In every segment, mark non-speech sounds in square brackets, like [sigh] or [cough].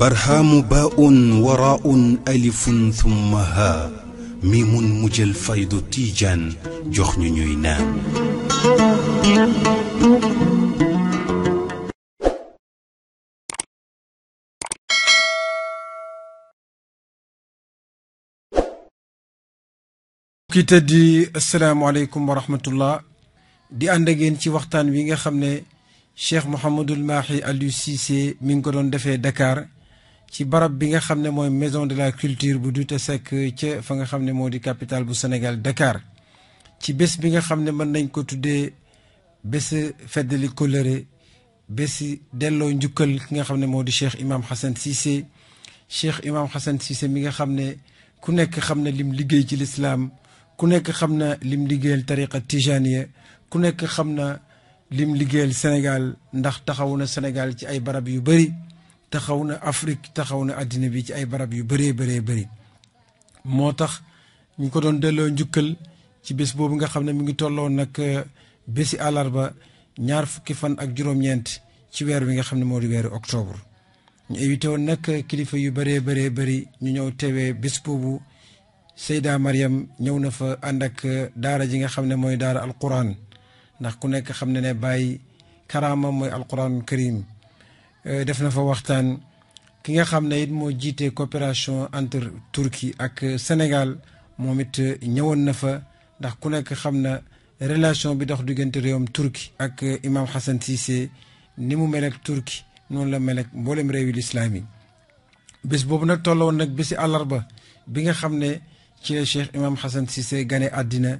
برهام باء وراء ألف ثم هاء ميم مجل فيض تيجان جخن نوينا كتدي السلام عليكم ورحمة الله دي أندجين شي وقتان بيغا خمني شيخ محمد الماحي اليو سيسي من قرون دفع دكار دكار ci barab bi nga xamne moy maison de la culture bu Douta Seck ci fa nga xamne modi moo capitale bu Sénégal Dakar ci bés bi nga xamne man nañ ko tuddé bés fête feddali kóllëre bes delloo njukkal ki nga xamne modi Cheikh Imam Hassan Cissé Cheikh Imam Hassan Cissé mi nga xamne ku nekk xamne lim liggéey ci l'islam ku nekk xamna lim liggéeyal tariqa tijaniya ku nekk xamna lim liggéeyal Sénégal ndax taxawuna Sénégal ci ay barab yu bari taxaw na Afrique taxaw na àddina bi ci ay barab yu bëree bëree bëri moo tax ñu ko doon delloo njukkal ci bés boobu nga xam ne mu ngi tolloo nag euh, bési àllarba ñaar fukki fan ak juróom-ñeent ci weer wi nga xam ne moo di weeru octobre ñu invité woon nag kilifa yu bëree bëree bëri ñu ñëw tewee bés boobu Seyda Mariam ñëw na fa ànd ak euh, daara ji nga xam ne mooy daara alquran ndax ku nekk xam ne ne bàyyi karaama mooy alquran karim def na fa waxtaan ki nga xam ne it moo jiite coopération entre Turquie ak Sénégal moom it ñëwoon na fa ndax ku nekk xam na relation bi dox diggante réewam Turquie ak Imam Hassan Cissé ni mu mel ak Turquie noonu la mel ak réew yi lislaam yi bés boobu nag tolloon nag bisi alarba bi nga xam ne ci la Cheikh Imam Hassan Cissé gane àddina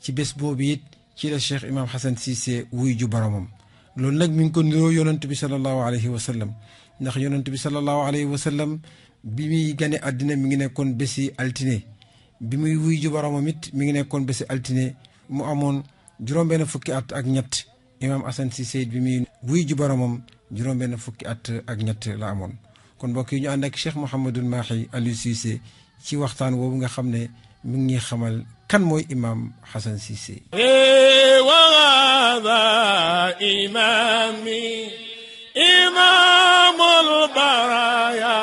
ci bés boobu it ci la Cheikh Imam Hassan Cissé wuy ju boromam loolu nag mi ngi ko niroo yonent bi sallallahu alayhi wa sallam ndax yonent bi sallallahu alayhi wa sallam bi muy gane àddina mi ngi nekkoon bési altine bi muy wuy ju boromam it mi ngi nekkoon bési altine mu amoon juróom-benn fukki at ak ñett imaam si Cissé bi muy wuy ju boromam juróom-benn fukki at ak ñett la amoon kon mbokk yi ñu ànd ak Cheikh Mouhamadul Mahi Aliou Cissé ci waxtaan woowu nga xam ne mi ngi xamal kan mooy imaam Assane Cissé. Eh, هذا إمامي إمام البرايا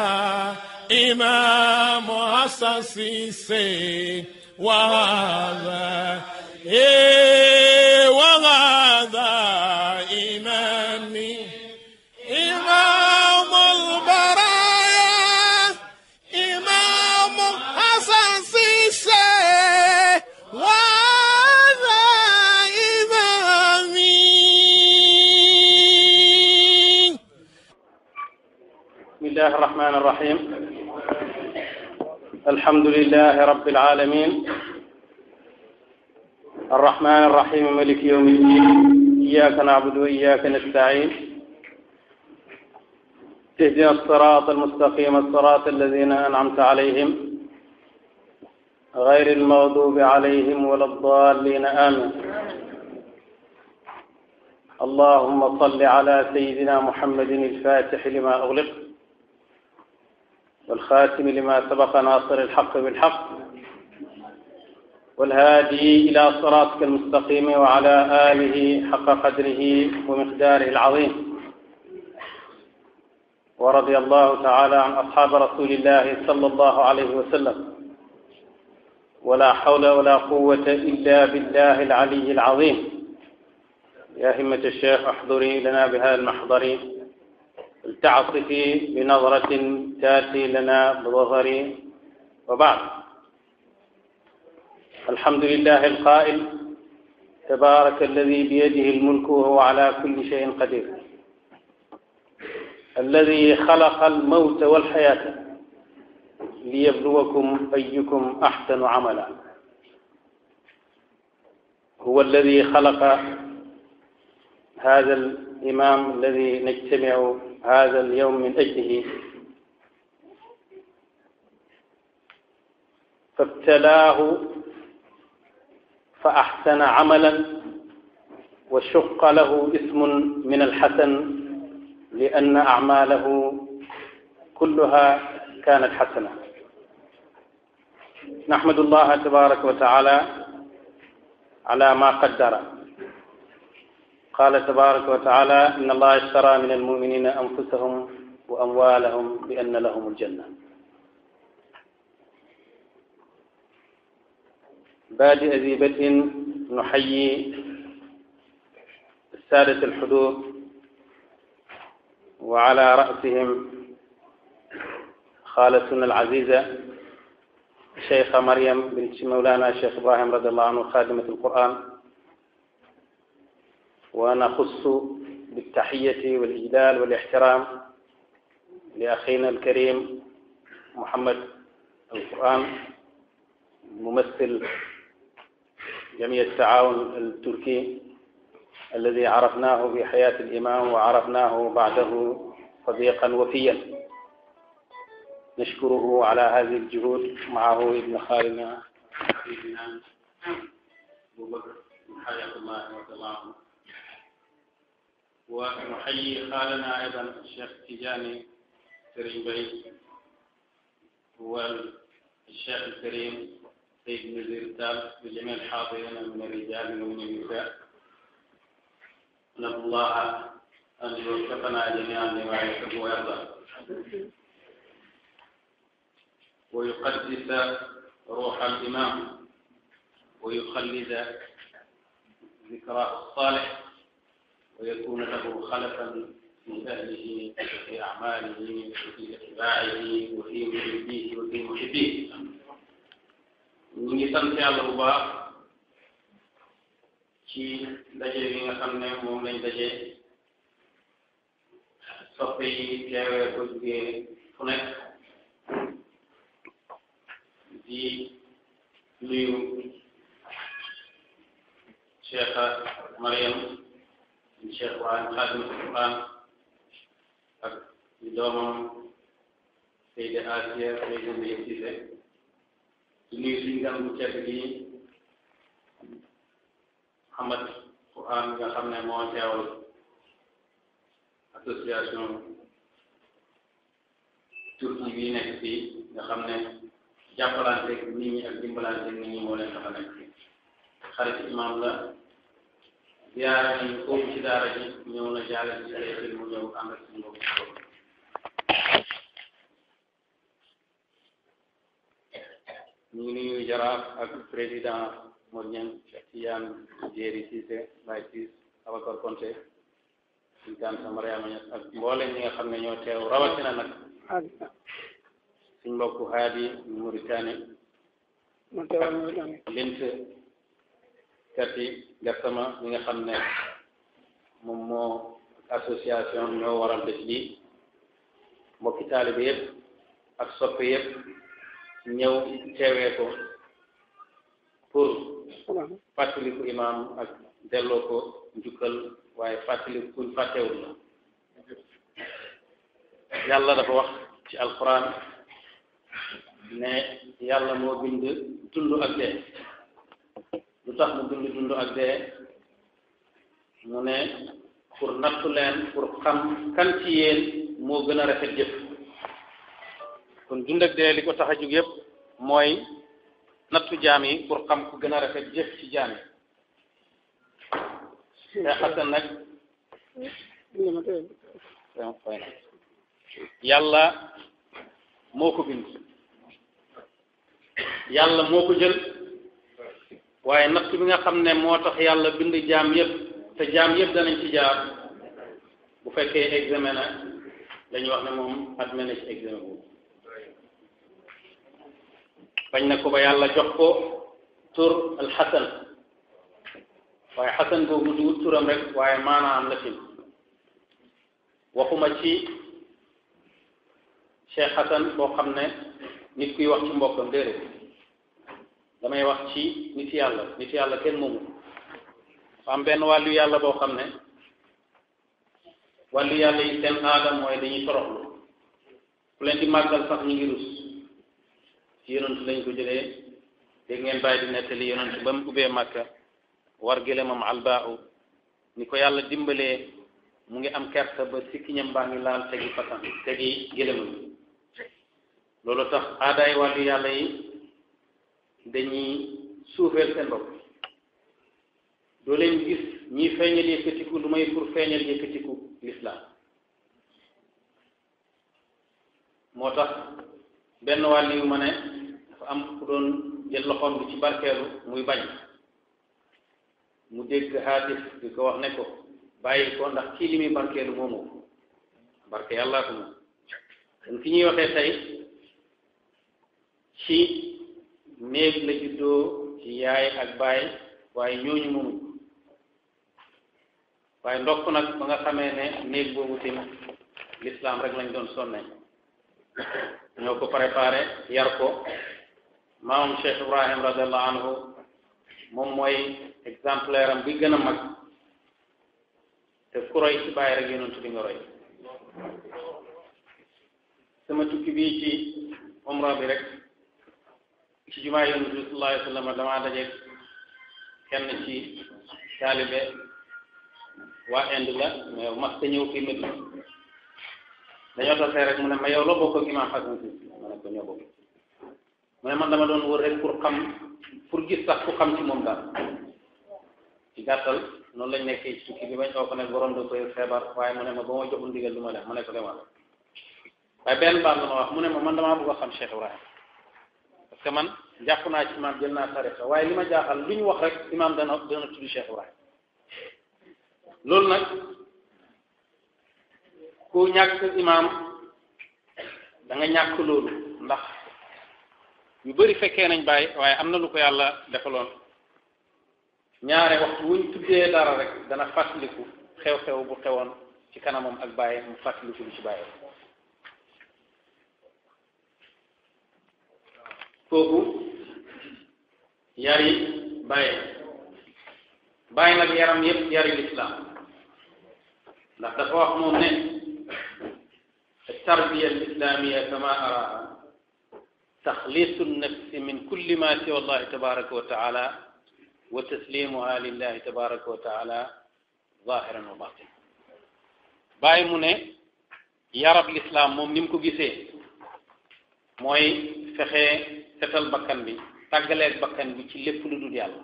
إمام أساسي وهذا إمامي الرحيم الحمد لله رب العالمين الرحمن الرحيم ملك يوم الدين إياك نعبد وإياك نستعين اهدنا الصراط المستقيم الصراط الذين أنعمت عليهم غير المغضوب عليهم ولا الضالين آمين اللهم صل على سيدنا محمد الفاتح لما أغلق والخاتم لما سبق ناصر الحق بالحق والهادي إلى صراطك المستقيم وعلى آله حق قدره ومقداره العظيم ورضي الله تعالى عن أصحاب رسول الله صلى الله عليه وسلم ولا حول ولا قوة إلا بالله العلي العظيم يا همة الشيخ احضري لنا بهذا المحضر التعطفي بنظرة تاتي لنا بظهر وبعد الحمد لله القائل تبارك الذي بيده الملك وهو على كل شيء قدير الذي خلق الموت والحياة ليبلوكم أيكم أحسن عملا هو الذي خلق هذا الإمام الذي نجتمع هذا اليوم من أجله فابتلاه فأحسن عملا وشق له اسم من الحسن لأن أعماله كلها كانت حسنة نحمد الله تبارك وتعالى على ما قدر قال تبارك وتعالى إن الله اشترى من المؤمنين أنفسهم وأموالهم بأن لهم الجنة بادئ ذي بدء نحيي السادة الحدود وعلى رأسهم خالتنا العزيزة الشيخة مريم بنت مولانا الشيخ إبراهيم رضي الله عنه خادمة القرآن ونخص بالتحية والإجلال والاحترام لأخينا الكريم محمد القرآن ممثل جميع التعاون التركي الذي عرفناه في حياة الإمام وعرفناه بعده صديقا وفيا نشكره على هذه الجهود معه ابن خالنا حبيبنا أبو بكر حياة الله وسلامه ونحيي خالنا أيضا الشيخ تيجاني كريم بي والشيخ الكريم سيد نزير تاب وجميع الحاضرين من الرجال ومن النساء نسأل الله أن يوفقنا جميعا لما يحب ويرضى ويقدس روح الإمام ويخلد ذكراه الصالح ويكون له خلفا من اهله في اعماله وفي اتباعه وفي محبيه وفي محبيه من يتمتع الربا كي دجي من خمنا ومن دجي صفي كيوي كدجي هناك دي ليو شيخة مريم الشيخ وعن خادم القرآن ak doomam Seydi Asiya Seydi Mbaye Cissé di nuyu suñu gan bu tedd gi Ahmad Quran nga xam ne moo teewal association turki bi nekk fii nga xam ne jàppalante nit ñi ak dimbalante nit ñi moo leen tax a nekk fii xarit imam la yaarani komisidaara ji ñëw na jaalan si leetin mu ñëw ànda si ngoom ñu ngi nuyu jaraaf ak président mor ñan siyaan jéeri siise bay siis abacor conte sigan sa mariama ñat ak mboole ñi nga xam ne ñoo teew rawatina nag suñ mbokk xaat yi mauritanie lint kat yi Gassama mi nga xam ne moom moo association ñoo waral def lii mbokki taalibe yëpp ak soppe yëpp ñëw teewee ko pour fàttaliku imaam ak delloo ko njukkal waaye fàttaliku kuñ fàttewul la yàlla dafa wax ci alquran ne yàlla moo bind dund ak dee lu tax mu dund dund ak dee mu pour nattu leen pour xam kan ci yéen moo gën a rafet jëf kon dund ak dee li ko tax a jóg yépp mooy nattu jaam yi pour xam ku gën a rafet jëf ci jaam yi te xasan nag yàlla moo ko bind yàlla moo ko jël waaye natt bi nga xam ne moo tax yàlla bind jaam yëpp te jaam yëpp danañ ci jaar bu fekkee examen la dañuy wax ne moom admene ci examen bu bañ na ko ba yàlla jox ko tur al alxasan waaye xasan boobu du turam rek waaye maanaam la fi waxuma ci Cheikh Xasan boo xam ne nit kuy wax ci mbokkam déedéet damay wax ci nit yàlla nit yàlla kenn moomu am benn wàllu yàlla boo xam ne wàllu yàlla yi seen aadam mooy dañuy toroxlu ku leen di màggal sax ñu ngi rus ci yonent lañ ko jëlee dégg ngeen bàyyi di nettali yonent ba mu ubbee màkka war gëlëmam albaaw ni ko yàlla dimbalee mu ngi am kersa ba sikkiñam baa ngi laal tegi fasan tegi gëlëmam loolu tax aadaay wàllu yàlla yi dañuy suufeel seen bopp doo leen gis ñuy feeñal yëkkatiku lu may pour feeñal yëkkatiku lislaam moo tax benn wàlli yu ma ne dafa am ku doon jël loxoom bi ci barkeelu muy bañ mu dégg xaatif di ko wax ne ko bàyyi ko ndax kii li muy barkeelu moomoo ko barke yàllaa ko moom kon ki ñuy waxee tey ci néeg la juddoo ci yaay ak baay waaye ñooñu moomuñ waaye ndokk nag ba nga xamee ne néeg boobu tim l'islam rek lañ doon sonne ñoo ko préparé yar ko maamam Cheikh Ibrahim radiallahu anhu moom mooy exemplaire am bi gën a mag te ku roy ci bàyyi rek yonentu bi nga roy sama tukki bii ci umra bi rek ci jumaa yonent bi damaa daje kenn ci taalibe waa Inde la mais mas te ñëw fii Medina dañoo tasee rek mu ne ma yow loo bokk ko ñoo bokk mu ne dama doon wër rek pour xam xam moom daal ci gàttal noonu lañ nekkee ci tukki bi bañ ko ne borom da koy feebar waaye mu ne ma ba ma joxul ndigal lu ma def ma ne ko demal waaye benn baat la ma wax mu ne ma man damaa bëgg a xam Cheikh Ibrahim parce man jàpp naa ci imaam jël naa tarixa waaye li ma jaaxal lu ñu wax rek imaam dana dana tudd Cheikh Ibrahima loolu nag ku ñàkk imaam da nga ñàkk loolu ndax yu bari fekkee nañ bàyyi waaye am na lu ko yàlla defaloon ñaare waxtu wuñ tuddee dara rek dana fàttaliku xew-xew bu xewoon ci kanamam ak bàyyi mu fàttaliku lu ci bàyyi kooku yari bàyyi bàyyi nag yaram yépp yari lislaam ndax dafa wax moom ne التربية الإسلامية كما أراها تخليص النفس من كل ما سوى الله تبارك وتعالى وتسليمها لله تبارك وتعالى ظاهرا وباطنا باي يا رب الإسلام موم نيم كو غيسه موي فخه تتل بكان بي tagale bakkan bi ci lepp lu dul yalla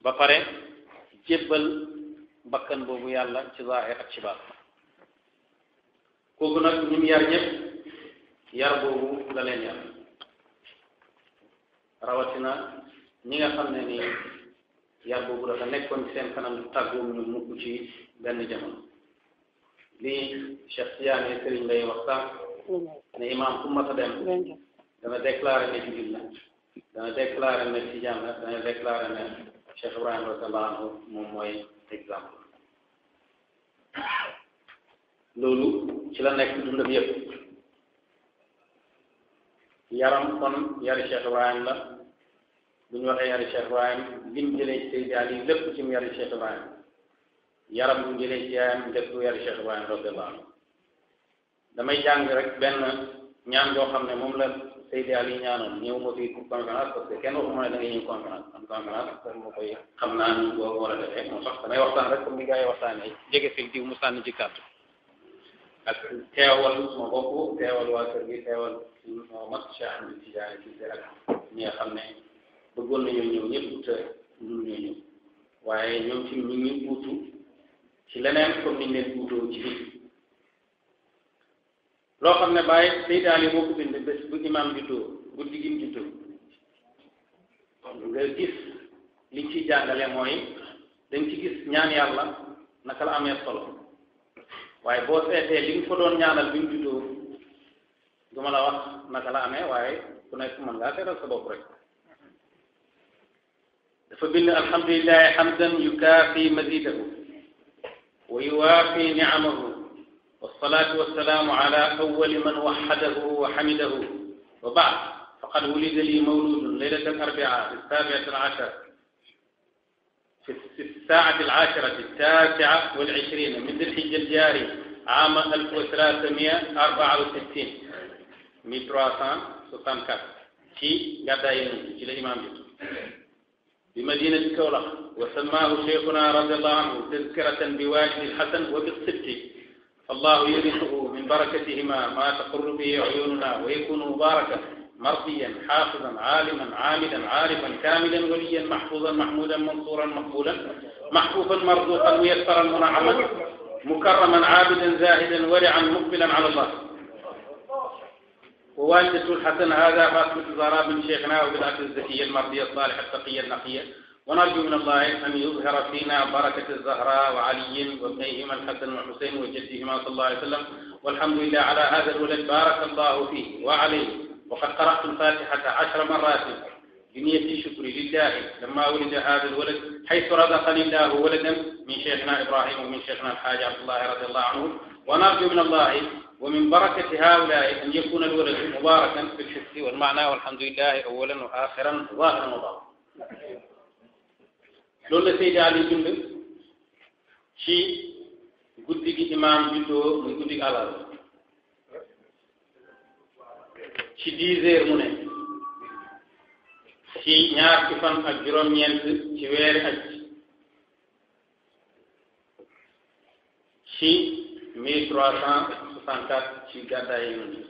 ba pare jebal bakkan bobu yalla ci zahir ak ci baat kooku nak ñun yar ñep yar bobu la leen yar rawatina ñi nga xamne ni yar bobu dafa nekkon seen kanam taggu ñu ko ci benn jamono li Cheikh Tidiane Serigne lay waxta ne imam fu mata dem dana déclaré ne jullit la dana déclaré ne tijaan la dana déclaré ne Cheikh Ibrahim radiyallahu anhu moom mooy exemple loolu ci la nekk dundam yëpp yaram kon yari Cheikh Ibrahim la bu ñu waxee yari Cheikh Ibrahim lim jëlee ci Seydi Ali lépp ci mu yari Cheikh Ibrahim yaram bu jëlee ci yaayam lépp yari Cheikh Ibrahim radiyallahu anhu damay jàng rek benn ñaan yoo xam ne moom la Seydi Ali ñaanoon ñëw ma fii pour conférence kenn waxuma ne da ngay ñëw conférence man conférence kon koy xam naa ni boo war a defee moo tax damay waxtaan rek comme ni gars yi waxtaanee jege diw mu sànni ci kàddu ak teewal ma bopp teewal waa kër gi teewal suñu mat Cheikh Ahmed Tidiane ci ak ñi nga xam ne bëggoon nañoo ñëw ñëpp te ñun ñoo ñëw waaye ñoom ci ñu ngi uutu ci leneen comme ni ñu leen loo xam ne bàyyi seytaane moo ko bind bés bu imaam juddoo guddi gi mu juddoo nga gis liñ ciy jàngale mooy dañ ci gis ñaan yàlla naka la amee solo waaye boo seetee li nga doon ñaanal bi mu juddoo du la wax naka la amee waaye ku nekk mën ngaa teral sa rek dafa bind alhamdulillahi hamdan yukaafi mazidahu wa yuwaafi niamahu والصلاة والسلام على أول من وحده وحمده وبعد فقد ولد لي مولود ليلة الأربعاء السابعة العشر في الساعة العاشرة التاسعة والعشرين من ذي الحجة الجاري عام 1364 1364 في غداين إلى الإمام بمدينة كولخ وسماه شيخنا رضي الله عنه تذكرة بواجه الحسن وبالصدق فالله يرثه من بركتهما ما تقر به عيوننا ويكون مباركا مرضيا حافظا عالما عامدا عارفا كاملا وليا محفوظا محمودا منصورا مقبولا محفوفا مرزوقا ميسرا منعما مكرما عابدا زاهدا ورعا مقبلا على الله ووالدة الحسن هذا فاطمة الزهراء من شيخنا وبالعكس الزكية المرضية الصالحة التقية النقية ونرجو من الله أن يظهر فينا بركة الزهراء وعلي وابنيهما الحسن والحسين وجدهما صلى الله عليه وسلم والحمد لله على هذا الولد بارك الله فيه وعليه وقد قرأت الفاتحة عشر مرات بنية الشكر لله لما ولد هذا الولد حيث رزقني الله ولدا من شيخنا إبراهيم ومن شيخنا الحاج عبد الله رضي الله عنه ونرجو من الله ومن بركة هؤلاء أن يكون الولد مباركا في الحس والمعنى والحمد لله أولا وآخرا ظاهرا وظاهرا loolu la Seydi Ali bind ci guddi gi imaam juddoo muy guddi alal ci dix heures mu ne ci ñaar ci ak juróom-ñeent ci weeri aj ci mille trois cent soixante quatre ci gàddaay yi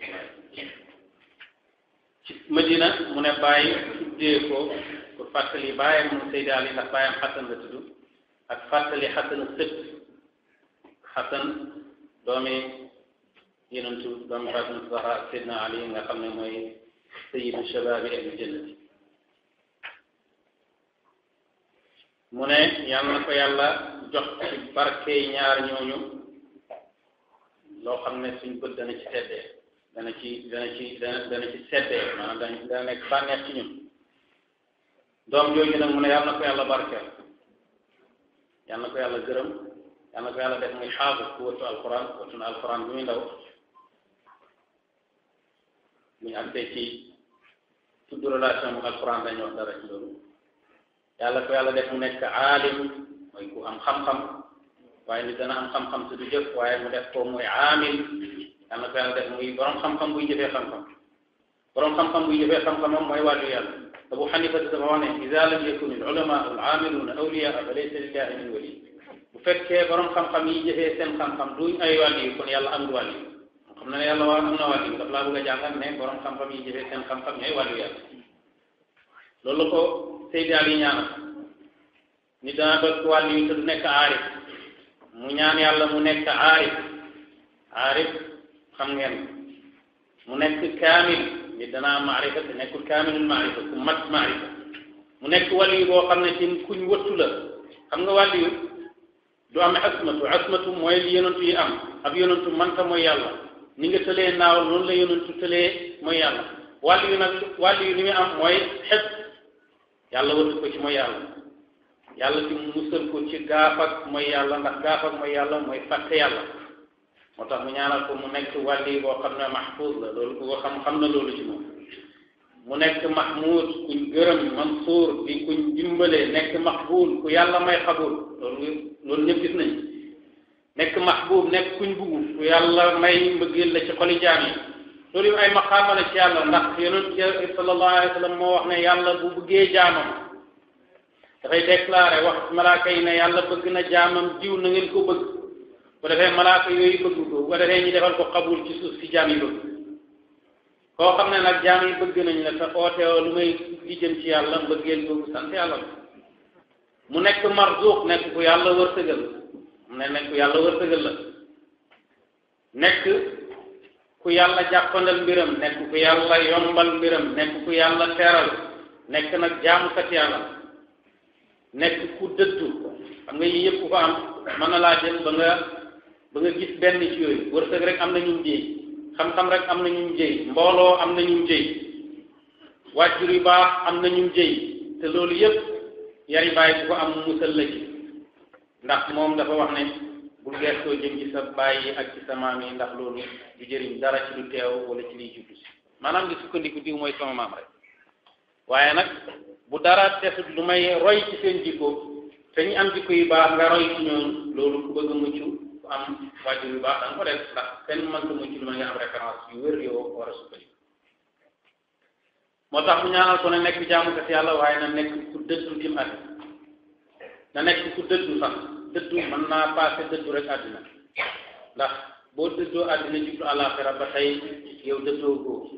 ci Madina mu ne bàyyi tuddee ko pour fàttali bàyyam moom Seydi Ali ndax bàyyam xasan la tudd ak fàttali xasan sët xasan doomi yenentu doomi fatima zahra Seydina Ali nga xam ne mooy sayyidu shababi ahli jannati mu ne yàlla na ko yàlla jox ci barke ñaar ñooñu loo xam ne suñ bët dana ci seddee dana ci dana ci dana dana ci seddee maanaam dana dana nekk bànneex ci ñun doom jooju nag mu ne yàlla na ko yàlla barkeel yàlla na ko yàlla gërëm yàlla na ko yàlla def muy xaagu ku wëttu alquran wëttu na alquran bi muy ndaw muy àggsee ci tudd relation mu alquran dañu wax dara ci loolu yàlla ko yàlla def mu nekk aalim mooy ku am xam-xam waaye nit dana am xam-xam si du jëf waaye mu def ko muy aamil yàlla na ko yàlla def muy borom xam-xam buy jëfee xam-xam borom xam-xam buy jëfee xam-xamam mooy wàllu yàlla. أبو حنيفة سبعون إذا لم يكن العلماء العاملون أولياء فليس لله من ولي وفك برم خم خم يجي سن خم خم دون أي ولي يكون يلا أمر ولي خم نا يلا وارم نا والي تبلا بوجا جانغام نه برم خم خم يجي سن خم خم أي ولي يلا لولو سيد علي نعم نيدا بس والي تد نك عارف mu يلا yàlla عارف عارف خم aarif نعم. xam كامل ni danaa maarifa te nekkul kaamilul maarifa ku mat maarifa mu nekk wàllu boo xam ne ci kuñ wëttu la xam nga wàllu du am asmatu asmatu mooy li yonantu yi am ab yonantu manta mooy yàlla ni nga tëlee naaw noonu la yonantu tëlee mooy yàlla wàllu yu nag wàllu yu li muy am mooy xet yàlla wëttu ko ci mooy yàlla yàlla ci musal ko ci gaafak mooy yàlla ndax gaafak mooy yàlla mooy fàtte yàlla moo tax mu ñaanal ko mu nekk wàlli boo xam ne mahfuz la loolu ku ko xam xam na loolu ci moom mu nekk mahmud kuñ gërëm mansuur di kuñ dimbalee nekk maqbul ku yàlla may xabul loolu loolu ñëpp gis nañ nekk mahbub nekk kuñ buggu ku yàlla may mbëggeel la ci xoli jaam yi loolu yu ay maqaama la ci yàlla ndax yonent bi sallallahu alayhi wa sallam moo wax ne yàlla bu bëggee jaamam dafay déclaré wax malaaka yi ne yàlla bëgg na jaamam jiw na ngeen ko bëgg bu defee malaaka yooyu bëgg ko bu defee ñu defal ko xabul ci suuf si jaam yi koo xam ne nag jaam yi bëgg nañ la te ooteewoo lu may di jëm ci yàlla mbëggeel boobu sant yàlla la mu nekk marzuq nekk ku yàlla wërsëgal mu ne nekk ku yàlla la nekk ku yàlla jàppandal mbiram nekk ku yàlla yombal mbiram nekk ku yàlla teral nekk nag jaamukat yàlla nekk ku dëddu xam nga yii yëpp ko am mën na laa jël ba nga ba nga gis benn ci yooyu wërsëg rek am na ñu jëy xam-xam rek am na ñu jëy mbooloo am na ñu jëy waajur yu baax am na ñu jëy te loolu yëpp yari bàyyi bu ko am musal la ci ndax moom dafa wax ne bul geestoo jëm ci sa bàyyi ak ci sa maam yi ndax loolu du jëriñ dara ci lu teew wala ci liy jublu si maanaam di sukkandiku diw mooy sama maam rek waaye nag bu dara tesut lu may roy ci seen jikko te ñu am jikko yu baax nga roy ci ñoom loolu ku bëgg a mucc am waajur yu baax da nga ndax kenn mënta mucc lu ma nga am référence yu wér yoo war a sukkandiku moo tax mu ñaanal ko na nekk jaamukat yàlla waaye na nekk ku dëddu tim at na nekk ku dëddu sax dëddu mën naa passé dëddu rek àddina ndax boo dëddoo àddina jublu àllaaxira ba tey yow dëddoo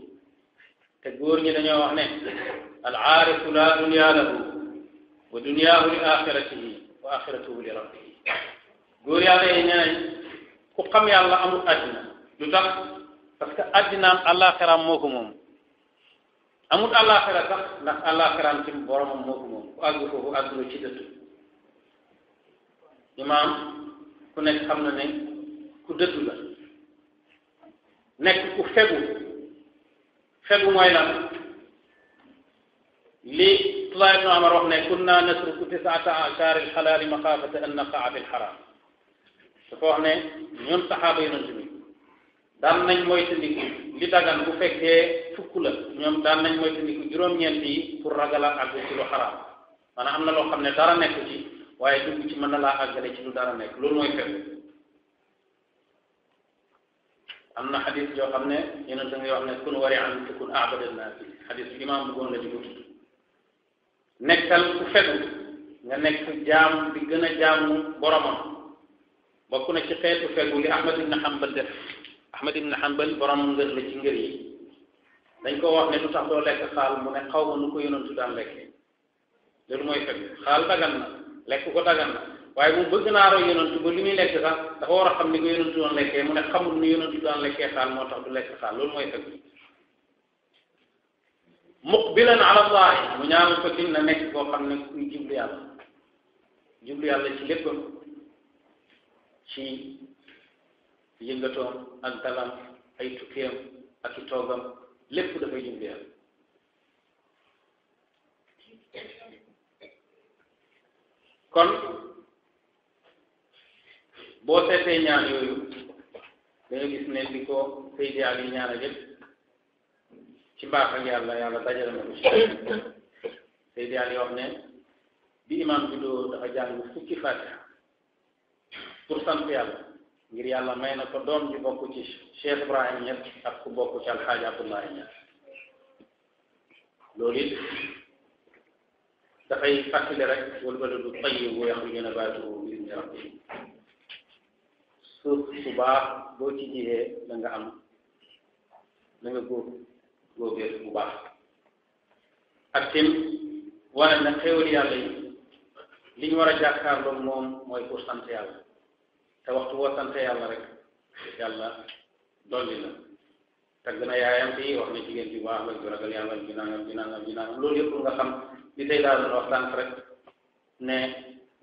góor ñi dañoo wax ne al aarifu laa dunyaa lahu wa dunyaahu li aaxiratihi wa aaxiratuhu li rabbihi góor yàlla yi nee nañ ku xam yàlla amul àddina lu tax parce que àddinaam àllaaxiraam moo ko moom amul àllaaxira sax ndax àllaaxiraam ci boromam moo ko moom ku àgg foofu àgguloo ci dëtt imaam ku nekk xam na ne ku dëttu la nekk ku fegu fegu mooy lan li Abdullah ibn Umar wax ne kunna nasruku tisaata ashar al halal maxaafata an naqaa fi al haram dafa wax ne ñun saxaaba yonent bi daan nañ moytandiku li dagan bu fekkee fukk la ñoom daan nañ moytandiku juróom-ñeent yi pour ragal a àgg ci lu xaraam maanaam am na loo xam ne dara nekk ci waaye dugg ci mën na laa àggale ci lu dara nekk loolu mooy fekk am na xadis yoo xam ne yonent bi wax ne kun wari an tukun aabada naa fi xadis bi imaam bëggoon la di gudd nekkal ku fegu nga nekk jaam bi gën a jaamu boromam bokk na ci xeetu fegu li ahmad ibn hanbal def ahmad ibn hanbal borom ngër la ci ngër yi dañ ko wax ne lu tax doo lekk xaal mu ne xaw ma nu ko yonantu daan lekkee loolu mooy fegu xaal dagan na lekk ko dagan na waaye mu bëgg naa roy yonantu ba li muy lekk sax dafa war a xam ni ko yonantu doon lekkee mu ne xamul ni yonantu daan lekkee xaal moo tax du lekk xaal loolu mooy fegu muqbilan ala allah mu ñaanal ko tin na nekk koo xam ne kuy jublu yàlla jublu yàlla ci léppam ci yëngatoom ak dalam ay tukkeem ak i toogam lépp dafay jumbeyam kon boo seetee ñaan yooyu danga gis ne li ko Seydi Ali ñaana yëpp ci mbaax ak yàlla yàlla dajale na ko ci Seydi Ali wax ne bi imaam bi doo dafa jàng fukki fatiha pour sant yàlla ngir yàlla may na ko doom ji bokk ci Cheikh Ibrahima ak ku bokk ci Alxaaji Abdoulaye loolu dafay fàttali rek wal baladu tayyibu yaxruju nabaatuhu bi izni rabbih suuf su baax am bu baax ak tim wane na xéewal yàlla yi li war a jàkkaarloo moom mooy pour sant yàlla te waxtu boo sant yàlla rek yàlla dolli la tagg na yaayam te wax na jigéen bi waax la ju ragal yàlla ju nangam ju nangam ju nangam loolu li tey daal doon rek ne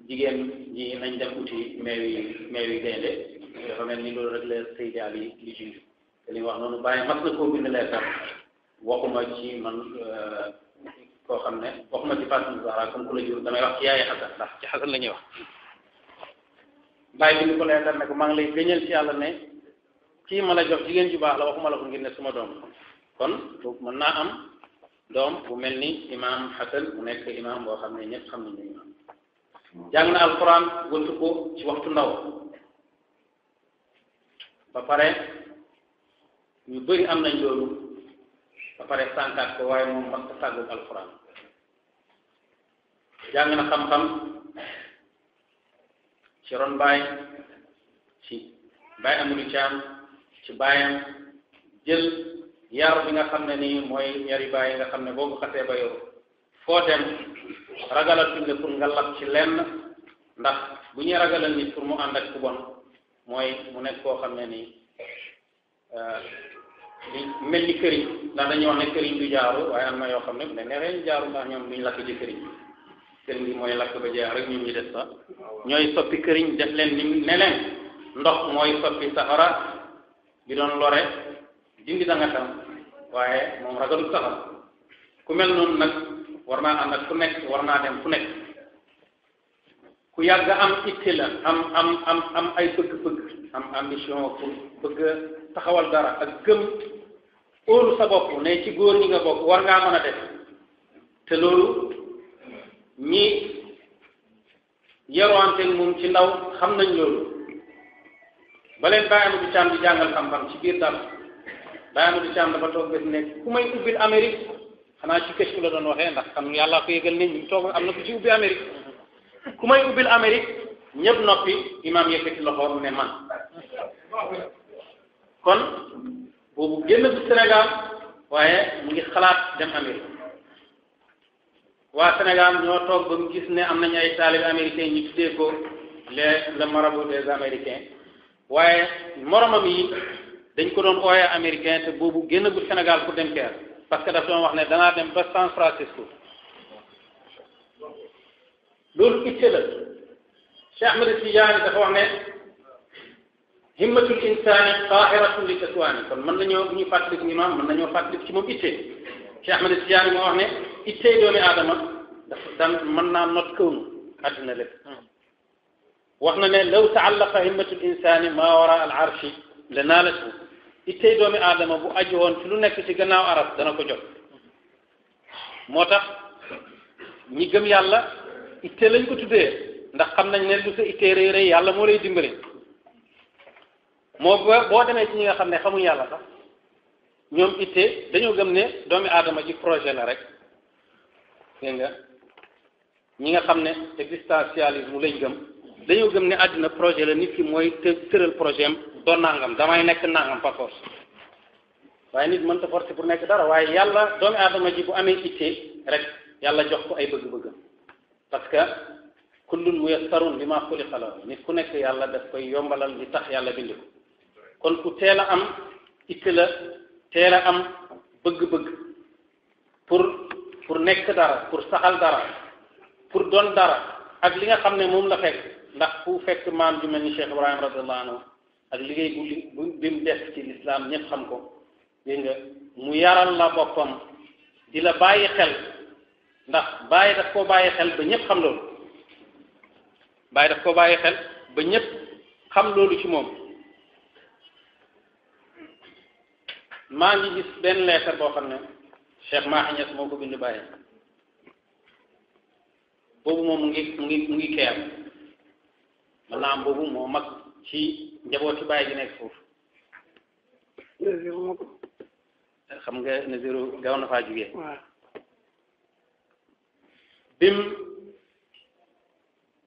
jigéen ji nañ dem uti meew yi meew yi dafa mel ni loolu rek la Seydi Ali li junj te li wax noonu bàyyi mas na koo bind leetar waxuma ci man euh, koo xam ne waxuma ci Fatou Zahra comme ku la jur damay wax ci yaay Xasan ndax ci Xasan la ñuy wax bay bi ñu ko leer ne ko maa ngi lay beñal ci yalla ne kii mala jox jigen ju bax la waxuma la ko ngir ne suma dom kon do man na am dom bu melni imam hasan Xasan bu nekk imaam boo xam ne ñëpp xam nañu imaam jàng na alquran wëntu ko ci waxtu ndaw ba pare ñu bari am nañ loolu ba pare sànkaat ko way moom ba tagu alquran jang na xam-xam ci ron baay ci baay amul caam ci baayam jël yar bi nga xam ni moy yari baay nga xam bogo boo ko xasee ba yow foo dem ragalat fi ne pour nga lab ci lenn ndax bu ñuy ragalal ni pour mu and ak ku bon moy mu nek ko xam euh, ni euh li melni keri da ndax wax ne keri du jaaru waye am na yo xam ne reñ jaaru ndax ñom duñ la ci keri këriñ bi mooy lakk ba jeex rek ñun ñu des sax ñooy soppi këriñ def leen ni neneen ndox mooy soppi safara bi doon lore dindi da nga tam waaye moom ragalul safara ku mel noonu nag war naa am nag ku nekk war naa dem fu nekk ku yàgg am itti la am am am ay bëgg-bëgg am ambition pour bëgg taxawal dara ak gëm óolu sa bopp ne ci góor ñi nga bokk war ngaa mën a def te loolu ñi yerwanteeg moom ci ndaw xam nañ loolu ba leen bàyyi Amadou Thiam di jàngal xam-xam ci biir dal bàyyi Amadou dafa toog bés nekk ku may ubbil Amérique xanaa ci kës la doon waxee ndax xam yàlla ko yëgal nit ñi toog am na ku ci ubbi Amérique ku may ubbil Amérique ñëpp noppi imaam yëkkati loxoom ne man kon boobu génn bu Sénégal waaye mu ngi xalaat dem Amérique waa Sénégal ñoo toog ba mu gis ne am nañu ay taalibe américain ñu tuddee ko les le marabout des américains waaye moromam yi dañ ko doon ooyee américain te boobu génn bu Sénégal pour dem Caire parce que daf doon wax ne danaa dem ba San Francisco loolu itte la Cheikh Ahmed Tidiane dafa wax ne himmatul insaani qaahiratun li takwaani kon mën nañoo bu ñu fàttaliku imam mën nañoo fàttaliku ci moom itte Cheikh Ahmed Tidiane moo wax ne ittey doomi aadama dafa dan mën naa not kawnu àddina lépp wax na ne law taallaqa himmatu l insani maa wara al arshi la naalatu ittey doomi aadama bu aju woon ci lu nekk ci gannaaw arab dana ko jot moo tax ñi gëm yàlla itte lañ ko tuddee ndax xam nañ ne lu sa ittee rëy rëy yàlla moo lay dimbali moo boo demee ci ñi nga xam ne xamuñ yàlla sax ñoom ité dañu gëm ne doomi adama ji projet la rek dégg nga ñi nga xamné existentialisme lañ gëm dañu gëm ne adina projet la nit ki moy të tëral projet am nangam damay nek nangam par force waaye nit mën ta force pour nek dara waaye yàlla doomi adama ji bu amé ité rek yàlla jox ko ay begg bëgg parce que kullun muyassarun li ma xuliqa lahu nit ku nekk yàlla daf koy yombalal li tax yàlla bind ko kon ku teel am itte la teel a am bëgg-bëgg pour pour nekk dara pour saxal dara pour doon dara ak li nga xam ne moom la fekk ndax fu fekk maam ju mel ni Cheikh Ibrahima radiyallahu anhu ak liggéey bu bu bi mu def ci lislaam ñëpp xam ko dégg mu yaral la boppam di la bàyyi xel ndax bàyyi daf koo bàyyi xel ba ñëpp xam loolu bàyyi daf koo bàyyi xel ba ñëpp xam loolu ci moom maa ngi gis benn leetar boo xam ne Cheikh Mahi Niass moo ko bind bàyyi boobu moom mu ngi mu ngi mu ngi keer mën naa am boobu moo mag ci bàyyi gi nekk foofu xam nga Naziru gaaw na faa jugee bim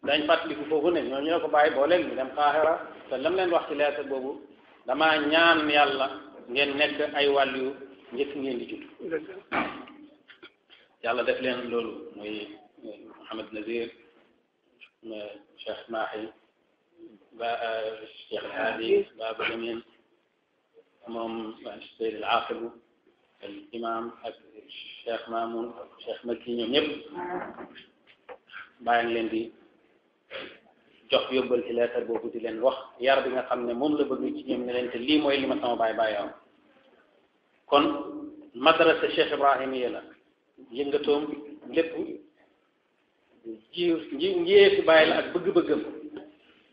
dañ fàttaliku foofu ne ñoo ñu ko bàyyi boo leen ñu dem xaaxira te lam wax ci leetar boobu damaa ñaan yàlla ngeen nekk ay wàll yu njëkk ngeen di judd yàlla def leen loolu muy Mouhamad Nazir Cheikh Mahi ba Cheikh Hadi Baba Lamin moom Seyd al Aqibu al imam ak Cheikh Mamoun ak Cheikh Makki ñoom ñëpp bàyyi leen di jox yóbbal ci leetar boobu di leen wax yar bi nga xam ne moom la bëgg ci ñoom ne leen te lii mooy li ma sama baay bàyyoon kon madrasa Cheikh Ibrahim yi la yëngatoom lépp ji ji njiyee fi bàyyi la ak bëgg-bëggam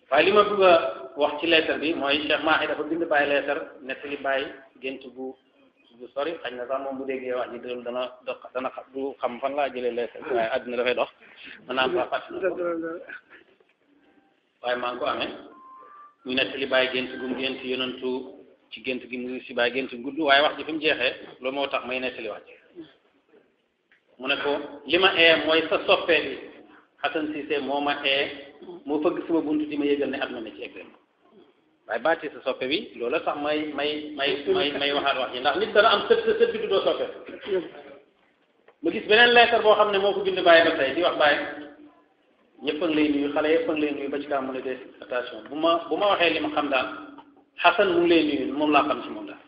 waaye li ma bëgg a wax ci leetar bi mooy Cheikh Mahi dafa bind bàyyi leetar nettali bàyyi gént bu bu sori xañ na sax moom bu déggee wax ji dël dana dox dana du xam fan laa jëlee leetar bi waaye àddina dafay dox maanaam ba fàttali waaye maa ngi ko amee muy nettali bàyyi gént gum gént yonantu ci gént gi mu si bàyyi gént gudd waaye wax ji fi mu jeexee loolu moo tax may nettali wax ji mu ne ko li ma ee mooy sa soppee bi Xasan Siise moo ma ee moo fëgg sama buntu di ma yëgal ne am na ne ci exemple waaye baati sa soppe bi loola sax may may may may may waxaat wax ji ndax nit dana am sët sët bi doo soppe [laughs] ma gis beneen leetar boo xam ne moo ko bind bàyyi ba tey di wax bàyyi ñëpp a lay nuyu xale yëpp a ngi lay nuyu ba ci kaa ne def attention bu ma bu ma waxee li ma xam daal xasan mu ngi lay nuyu moom laa xam ci moom daal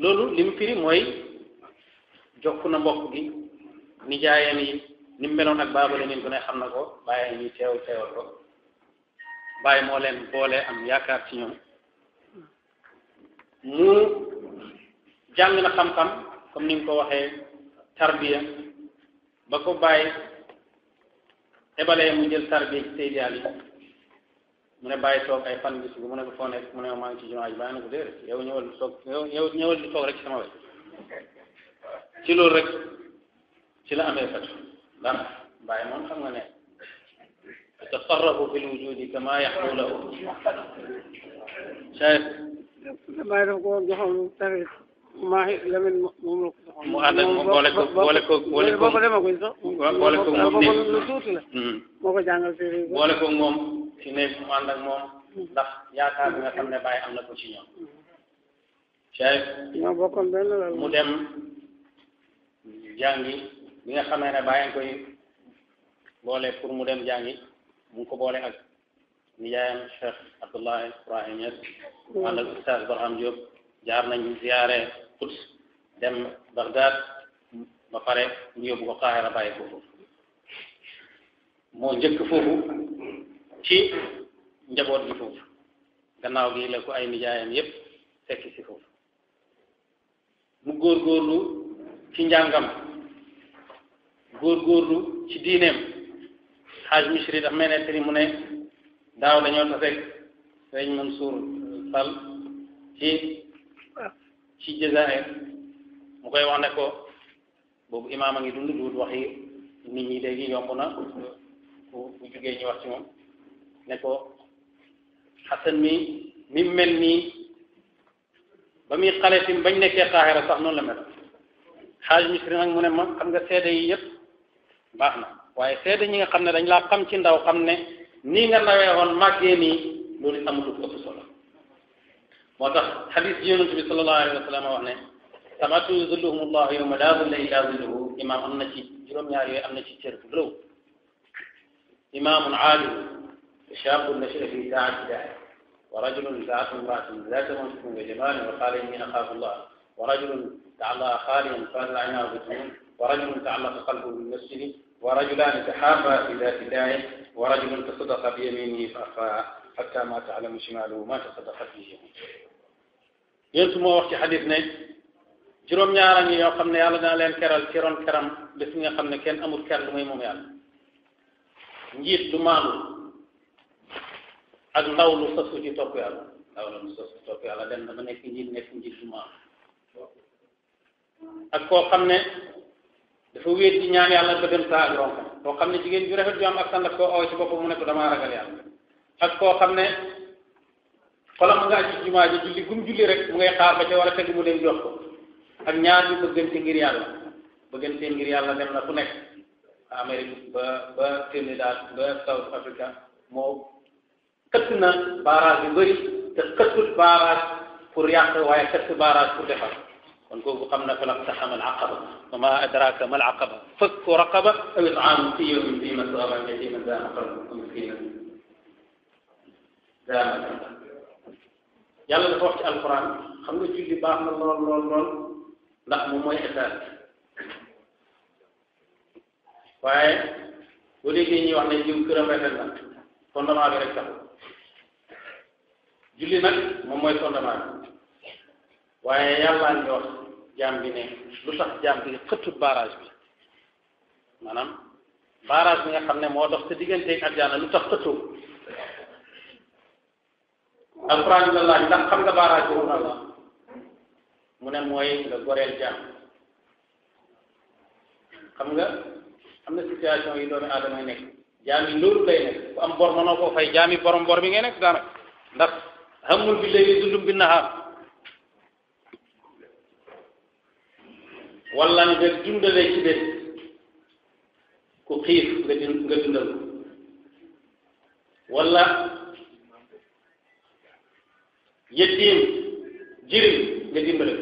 loolu li firi mooy jokk na mbokk gi nijaayam yi ni meloon ak baaba leen ko ne xam na ko bàyyi ñuy teew teewal ko bàyyi moo leen boole am yaakaar ci ñoom mu jàng na xam-xam comme ni nga ko waxee tarbiya bako bàyyi ebalee mu jël tarbi Seydi Ali mu ne bàyyi toog ay fan gis mu ne ko foo nekk mu ne ma ngi ci jumaa ji bàyyi na ko déedéet yow ñëwal toog yow ñëwal di toog rek sama wet ci loolu rek ci la amee fat ndax bàyyi moom xam nga ne tasarrafu fi lwujudi kama yaxlu lahu ما هي لمن مملك مولك مولك مولك بابا دما كويس مولك مولك مولك موم ci ne mu ànd ak moom ndax yaakaar bi nga xam ne bàyyi am na ko ci ñoom cheikh ñoo bokkoon benn la mu dem jàngi bi nga xamee ne bàyyi koy boole pour mu dem jàngi mu ngi ko boole ak nijaayam cheikh abdullah ibrahim yes ànd ak ustaz barham diop jaar nañ ziyaare القدس دم بغداد بفري نيوب القاهرة باي فوفو مو نجك فوفو تي نجبور دي فوفو غناو بي لكو اي نجايم يب تكي سي فوفو مو غور غور لو تي نجانغام غور غور لو تي دينيم حاج مشري دا مين تري موني داو دانيو تافيك سيني منصور فال تي ci Jazaa'ir mu koy wax ne ko boobu imaam ngi dund duut wax yi nit ñi léegi yomb na bu bu jugee ñu wax ci moom ne xasan mi mi mel nii ba muy xale tim bañ nekkee Qahira sax noonu la mel xaaj misri nag mu ne ma xam nga seede yi yëpp baax na waaye seede ñi nga xam ne dañ laa xam ci ndaw xam ne nii nga nawee woon màggee nii loolu amatul ëpp moo tax xadis yi yonent bi sallallahu alayhi wa sallam wax ne samatu zilluhumullahu yawma laa zilla illa zilluhu imaam am na ci juróom-ñaar yooyu am na ci cër bu lëw imaamun aalim shaabun nashi'a fi saa'ati daa'i wa rajulun sa'atu imra'atin zaata mansibin wa jamaalin wa qaala inni axaafu allah wa rajulun ta'allaqa xaaliyan faadat aynaahu bittunun wa rajulun ta'allaqa qalbuhu bil masjidi wa rajulaan tahaabaa fi daati daa'i wa rajulun tasaddaqa bi yaminihi fa أخفاها حتى ما تعلم شماله ما تصدق به يمينه yéen su moo wax ci xadis ne juróom-ñaara ngi yoo xam ne yàlla dana leen keral ci ron keram bis nga xam ne kenn amul ker lu muy moom yàlla njiit du maanu ak ndaw lu sasu ci topp yàlla ndaw lu sasu ci topp yàlla dem dama nekk njiit nekk njiit du maanu ak koo xam ne dafa wéet ci ñaan yàlla ba dem saa ak ronkam koo xam ne jigéen ju rafet ju am ak sànn ak koo aw ci boppam mu ne ko damaa ragal yàlla ak koo xam ne xolam nga ci jumaa ji julli gum julli rek mu ngay xaar ba ca war a tegu mu dem jox ko ak ñaar ñu bëggante ngir yàlla bëggante ngir yàlla dem na fu nekk Amérique ba ba Trinidad ba South Africa moo këtt na barrage yu bëri te këttut barrage pour yàq waaye këtt barrage pour defar kon kooku xam na falam taxam al aqaba wa ma adraka ma al aqaba fakku raqaba aw itaamu fi yawmin fi masraba yatiman daa maqrab miskinan daa maqrab yàlla dafa wax ci alquran xam nga julli baax na lool lool lool ndax moom mooy état waaye bu déggee ñuy wax ne jiw këram rafet na fondement bi rek taxul julli nag moom mooy fondement bi waaye yàllaa ngi wax jaam bi ne lu tax jaam bi xëttut barrage bi maanaam barrage bi nga xam ne moo dox sa diggante ak àjjana lu tax xëttoo alxuraan bi la ndax xam nga baaraaj boobu lan mu ne mooy nga goreel jaam xam nga am na situation yi doomi aadama nekk jaam loolu lay nekk am bor mënoo fay jaam yi borom bor nekk daanaka ndax xamul bi léegi dundum bi naxaar wala nga dundalee ci bés ku xiif nga dundal wala yettiim jirim nga dimbale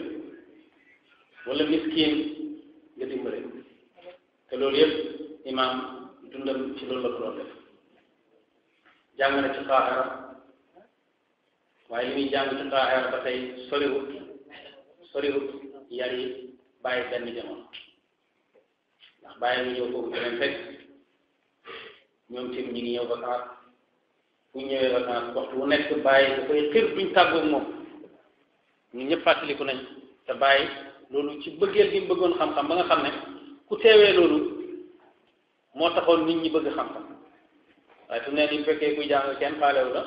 wala miskiin nga dimbale te loolu yëpp imaam dundam ci loolu la ko jàng na ci xaaxara waaye li muy jàng ci xaaxara ba tey soriwut soriwut yar yi bàyyi benn jamono ndax bàyyi mu ñëw foofu beneen fekk ñoom tim ñi ngi ñëw ba xaar bu ñëwee vacances waxtu wu nekk bàyyi dafay xir duñ tàggoog moom ñu ñëpp fàttaliku nañ te bàyyi loolu ci bëggeel gi mu bëggoon xam-xam ba nga xam ne ku teewee loolu moo taxoon nit ñi bëgg xam-xam waaye su ne di fekkee kuy jàng kenn faalewu la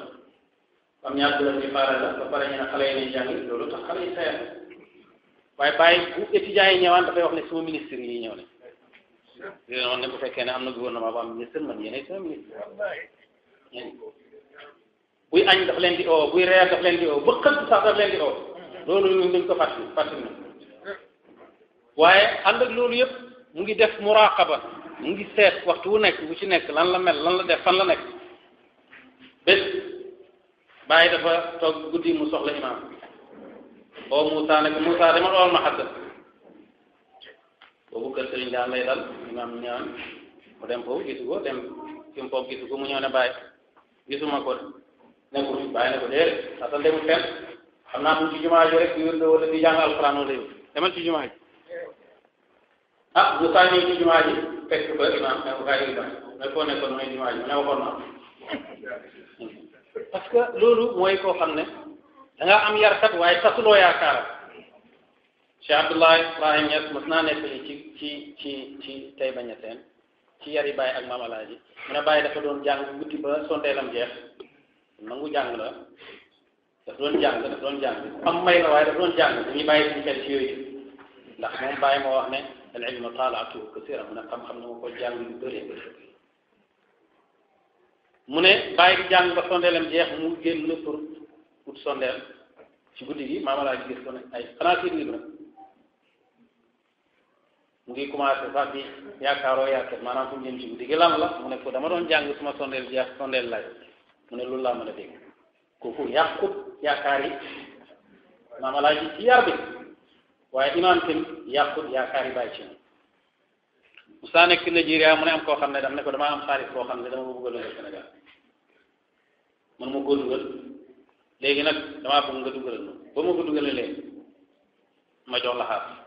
am ñaar du la ñuy faale la ba pare ñu ne xale yi nañ jàng loolu tax xale yi tayal waaye bàyyi bu étudiants dafay wax ne suma ministre yi fekkee ne am na gouvernement bu am ministre man yéenay suma ministre buy añ daf leen di oo buy reer daf leen di oo ba xënt sax daf leen di oo loolu ñun dañ ko fàttali fàttali na waaye ànd ak loolu yëpp mu ngi def muraqaba mu ngi seet waxtu wu nekk bu ci nekk lan la mel lan la def fan la nekk bés bàyyi dafa toog guddi mu soxla imaam oo Moussa nag Moussa dama ool ma xadda boobu kër sëriñ daan lay dal imaam ñaan mu dem foofu gisu ko dem fi mu foofu gisu ko mu ñëw ne bàyyi gisuma ko de nekkul bàyyi ne ko déedéet parce que demul fenn xam naa bu ci jumaa ji rek yónni wala di jàng alxuraan wala demal ci jumaa ji ah bu saa ñëw ci jumaa ji ba imaam ne ko naa parce que loolu mooy koo xam ne da nga am yarkat waaye tasuloo yaakaar Cheikh Abdullah Ibrahim Niass mas naa nekk ci ci ci ci tey bañ a bàyyi ak maam alaaji mu ne bàyyi dafa doon jàng guddi ba sondeelam jeex nangu jàng la daf doon jang, daf doon jàng am may la waaye daf doon jàng dañuy bàyyi suñu xel ci yooyu ndax moom bàyyi ma wax ne al ilmu taalaatu kasira mu ne xam-xam na ma ko jàng yu bëree di jàng ba sondeelam jeex mu génn pour ut sondeel ci guddi gi maama laa gis ko ne ay xanaa seen mu ngi commencé sax di yaakaaroo yaakaar maanaam fu mu jëm ci guddi gi lan la mu ne ko dama doon jàng suma sondeel jeex sondeel laay mu ne loolu laa mën a dégg kooku yàqut yaakaar yi maam alaaji ci yar waaye imaam tim yàqut yaakaar yi bàyyi ci ñun Moussa nekk Nigeria mu ne am koo xam ne dam ne ko damaa am xaalis koo xam ne dama bëgg a dugal Sénégal man ma ko léegi nag damaa bëgg nga dugalal ma ba ma ko dugalee léegi ma jox la xaalis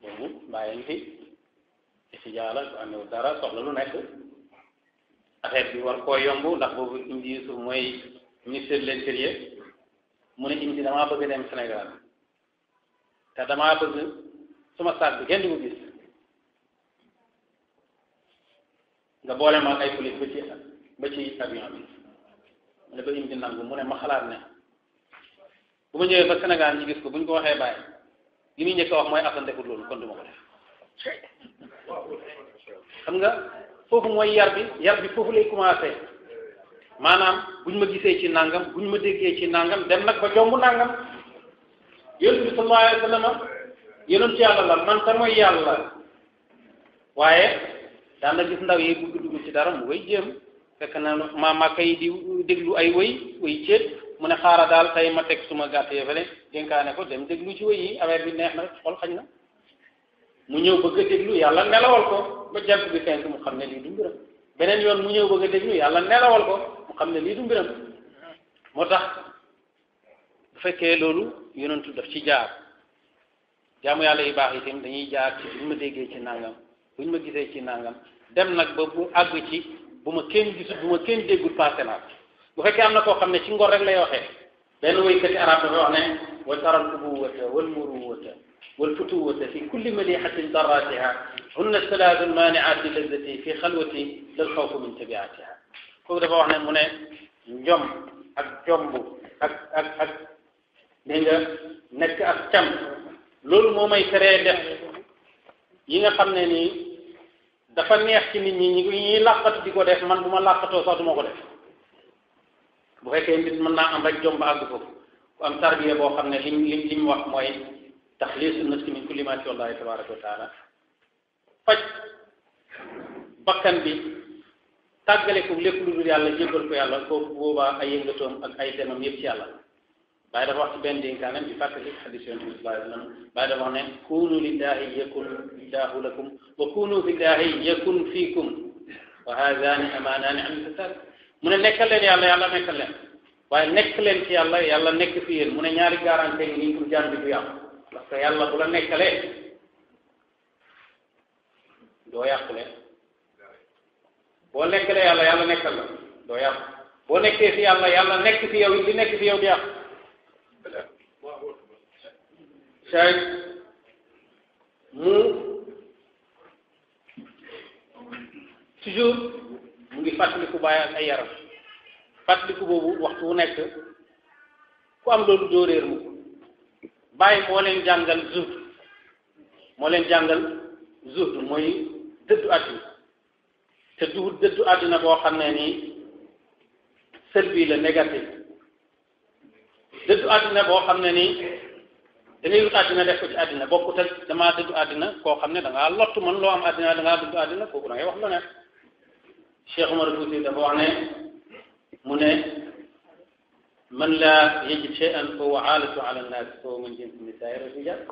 boobu ngi fi si jaala su amee dara soxla lu nekk affaire bi war koo yomb ndax boobu indi Yusuf mooy ministre de l'intérieur mu ne indi damaa bëgg dem Sénégal te damaa bëgg suma saak bi kenn du ko gis nga boole ma ay police ba ci ba bi mu ne ba indi nangu mu ne ma xalaat ne bu ma ñëwee ba Sénégal ñu gis ko bu ñu ko waxee bàyyi li muy njëkk a wax mooy Assane loolu kon du ko def xam nga foofu mooy yar bi yar bi foofu lay commencé maanaam buñ ma gisee ci nangam buñ ma déggee ci nangam dem nag ba jomb nangam yonent bi sallallahu alayhi wa sallam yonent la waaye daan na ndaw yi bëgg dara mu koy jéem fekk na ma ma kay di déglu ay wëy wëy ceet mu ne xaara daal tey ma teg suma gàtt yefene dénkaane ko dem déglu ci wëy yi affaire bi neex na xol xañ na mu ñëw bëgg a déglu yàlla nelawal ko ba jant bi fenk mu xam ne lii du mbiram beneen yoon mu ñëw bëgg a déglu yàlla nelawal ko mu xam ne lii du mbiram moo tax bu fekkee loolu yonentu daf ci jaar jaamu yàlla yu baax itam dañuy jaar ci buñ ma déggee ci nangam buñ ma gisee ci nangam dem nag ba bu àgg ci bu ma kenn bu ma kenn déggul passé naa bu fekkee am na koo xam ne ci ngor rek lay waxee benn arab dafa wax ne wa taral ubuwata wal muruwata والفتوة في كل مليحة ذراتها هن الثلاث المانعات لذتي في خلوتي للخوف من تبعاتها قول بابا احنا من جم اك جمبو اك اك اك نينجا نك اك تم لول مومي تري ديف ييغا خامني ني دا فا نيه سي نيت ني ني ني لاقات ديكو ديف مان بوما لاقاتو سا دوما ديف بو فكاي نيت مان نا ام رك جمبو اك فوف ام تربيه بو خامني لي لي موخ موي تخليص النفس من كل ما سوى الله تبارك وتعالى فج طيب. بكن بي تاغالي كو ليك لودو يالا جيبال كو يالا كو بوبا اي نغتوم اك اي تمام ييب يالا باي دا وقت بن دين كانم دي فاتل حديث يونس صلى الله عليه وسلم باي دا وخني كونوا لله يكون الله لكم وكونوا لله يكون فيكم وهذان نعم، امانان عند الله من نيكال لين يالا يالا نيكال لين واي نيك لين سي يالا يالا نيك فيين من نياري غارانتي ني كو جاندي بيو يالا parce que yàlla bu la nekkalee doo yàqule boo nekkalee yàlla yàlla nekkal la doo yàqu boo nekkee si yàlla yàlla nekk si yow li nekk si yow di yàqu say mu toujours mu ngi fàttaliku bàyyi ak ay yaram fàttaliku boobu waxtu wu nekk ku am loolu bay mo len jàngal zuhd mo len jàngal zuhd moy dëddu addu te du dëddu àddina bo xamne ni nii servi la négatif dëddu àddina boo xam ne nii da ngay wut àddina def ko ci àddina bokku ak dama dëddu àddina koo xam ne da nga lott man lo am àddina da nga dëddu àddina ko ko ngay wax la ne Cheikh Omar Fouti da wax ne mu ne من لا يجد شيئا فهو عالس على الناس فهو من جنس النساء الرجال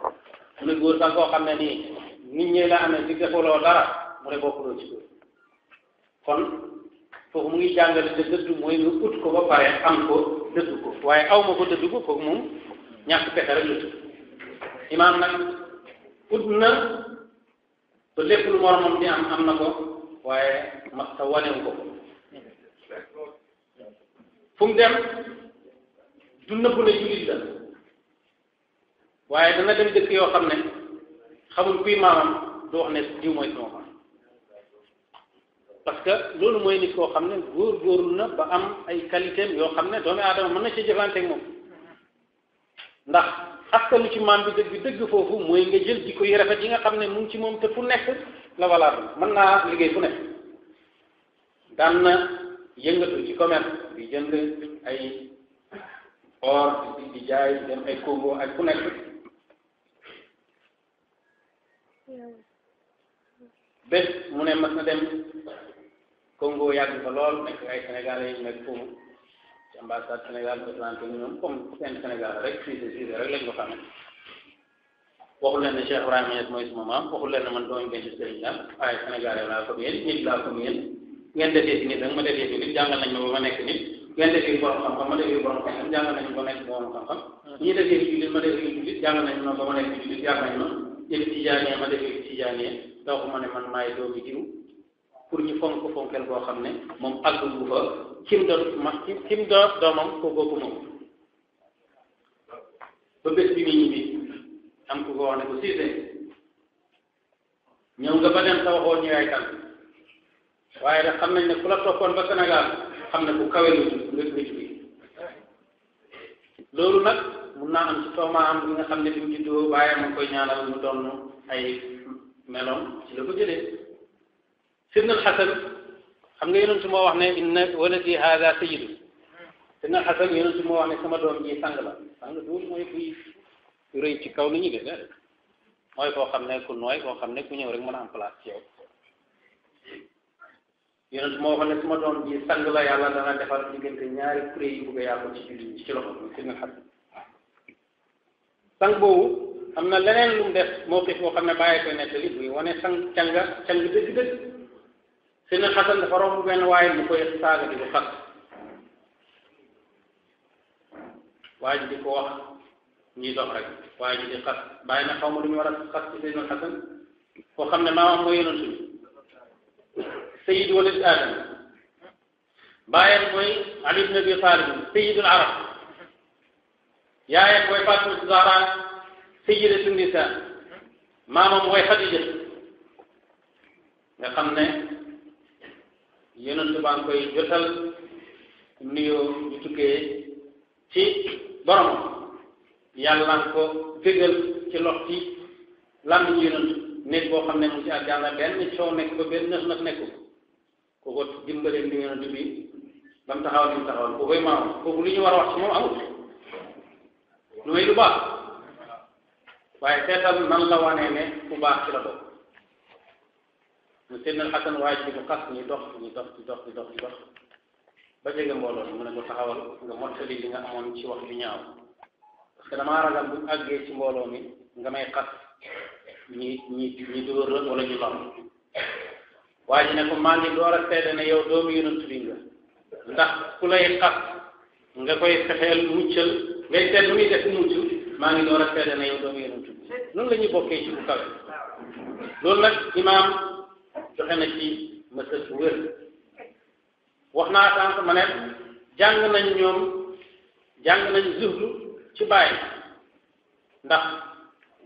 من يقول كان كو خامني نين لا انا دي دخو لو دارا مو ري بوكو لو كون فوق موي جانغال دي دد موي نو اوت كو با باري ام كو دد كو واي او ما كو دد كو فوق موم نعم نياك بيتا رك لوت امام نا اوتنا تو ليپ لو مور موم دي ام ام نكو واي ما تاوانيو كو فوم دم du nëbbu ne jullit la waaye dana dem dëkk yoo xam ne xamul kuy maamam du wax ne diw mooy sama maam parce que loolu mooy nit koo xam ne góor-góorlu na ba am ay qualité yoo xam ne doomu aadama mën na ci jëflante ak moom ndax askanu ci maam bi dëgg dëgg foofu mooy nga jël jikko yi rafet yi nga xam ne mu ngi ci moom te fu nekk la valable mën naa liggéey fu nekk daan na yëngatu ci commerce bi jënd ay or di di jaay dem ay Congo ak ku nekk bés mu ne mas na dem Congo yàgg fa lool nekk ay Sénégalais yi nekk Congo ci ambassade Sénégal ba Atlante ñoom comme seen Sénégal rek suise suise rek lañ ko xame waxul leen ne Cheikh mooy suma maam waxul leen ne man doomu benn sëriñ la waaye Sénégalais laa comme yéen nit laa comme yéen ngeen defee si nit rek ma defee si nit jàngal nañ ma ba ma nekk nit kenn defee borom xam-xam ma defee borom xam-xam jàng nañu ba nekk borom xam-xam ñi defee jullit ma defee jullit jàng nañu ma ba ma nekk jullit jàng nañu ma def tijaanee ma defee tijaanee donc ma ne man maay doomi diw pour ñu fonk fonkel boo xam ne moom bu fa kim doon ma kim doon doomam ko bokku ma ba bés bi muy ñibbi am ko ko wax ne ko siise ñëw nga ba dem sa waxoo ñëwaay kan waaye nag xam nañ ne ku la toppoon ba Sénégal xam ne bu kawe lu lu lu jóge loolu nag mun naa am ci tooma am bi nga xam ne bi mu juddoo bàyyi ma koy ñaanal mu doon ay meloom ci la ko jëlee sidna alxasan xam nga yonentu moo wax ne inna waladi hada sayyidu sidna Hasan, yonentu moo wax ne sama doom ji sang la sang duul mooy kuy rëy ci kaw nit ñi de mooy koo xam ne ku nooy koo xam ne ku ñëw rek mën a am place ci yow yonent moo ko ne suma doom bi sang la yàlla dana defar diggante ñaari kuré yi bëgg a yàqu ci julli ñi ci loxo bi seen xarit sang boobu am na leneen lu mu def moo xis boo xam ne bàyyi koy nettali buy wane sang canga cang dëgg-dëgg seen xasan dafa romb benn waaye mu koy saaga di ko xas waa ji di ko wax ñuy dox rek waa ji di xas bàyyi na xaw ma du ñu war a xas ci seen xasan koo xam ne maamam mooy yonent bi سيد ولد آدم baayam mooy Ali ibn Abi Talib sayyidul arab yaayam mooy Fatimatu Zahra sayyidatun nisa maamam mooy Xadija nga xam ne yonent baa ngi koy jotal nuyoo yu tukkee ci borom yàlla ngi ko dëggal ci lox ci lam yonent nekk boo xam ne mu ci àjjana benn coow nekk ba benn nës nag nekku ku ko dimbalee ni yonent bi ba mu taxawal mu taxawal ku koy maam kooku lu ñu war a wax ci moom amul lu waaye la wanee ne baax ci la bokk mu seen al xasan waaye bi mu xas ñu dox ñu dox ñu dox ñu dox ba jege mbooloo ni mu ko taxawal nga mottali li nga amoon ci wax bi ñaaw parce que damaa ragal bu ci mbooloo mi nga may xas ñi ñi ñi dóor la wala ñu lam waa ji ne ko maa door a seede ne yow doomu yonent bi nga ndax ku lay xas nga koy fexeel muccal ngay seet nu muy def mucc maa ngi door a seede ne yow doomu yonent bi noonu la ñuy bokkee ci bu kawe loolu nag imaam na ci mësal bu wax naa sànq ma ne jàng nañ ñoom jàng nañ zuhlu ci bàyyi ndax